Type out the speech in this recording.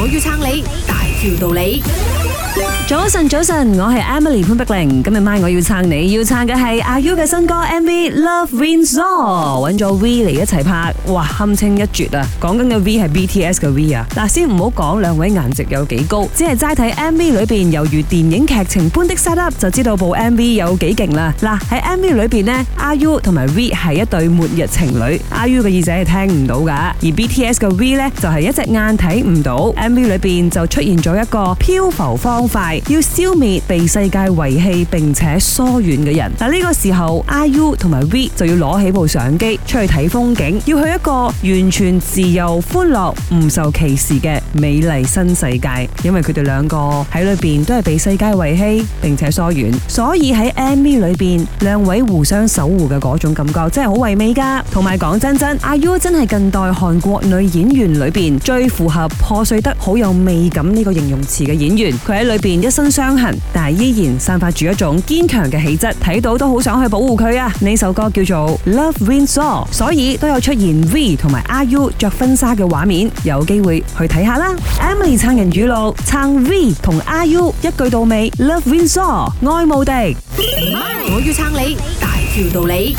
我要撐你。條道理，早晨早晨，我係 Emily 潘碧玲，今日晚我要撐你，要撐嘅係阿 U 嘅新歌 M V Love Wins r 揾咗 V 嚟一齊拍哇堪稱一絕啊！講緊嘅 V 係 B T S 嘅 V 啊，嗱先唔好講兩位顏值有幾高，只係齋睇 M V 裏邊猶如電影劇情般的 set up，就知道部 M V 有幾勁啦。嗱喺 M V 裏邊呢，阿 U 同埋 V 係一對末日情侶，阿 U 嘅耳仔係聽唔到噶，而 B T S 嘅 V 呢，就係、是、一隻眼睇唔到，M V 裏邊就出現咗。有一個漂浮方塊，要消滅被世界遺棄並且疏遠嘅人。但呢個時候 IU 同埋 V 就要攞起部相機出去睇風景，要去一個完全自由、歡樂、唔受歧視嘅美麗新世界。因為佢哋兩個喺裏邊都係被世界遺棄並且疏遠，所以喺 MV 裏邊兩位互相守護嘅嗰種感覺真係好唯美噶。同埋講真真，IU 真係近代韓國女演員裏邊最符合破碎得好有味感呢個形容詞嘅演員，佢喺裏邊一身傷痕，但係依然散發住一種堅強嘅氣質，睇到都好想去保護佢啊！呢首歌叫做 Love Wins All，所以都有出現 V 同埋 IU 着婚紗嘅畫面，有機會去睇下啦。 Emily 撐人語錄，撐 V 同 IU 一句到尾，Love Wins All，愛無敵。我要撐你，大條道理。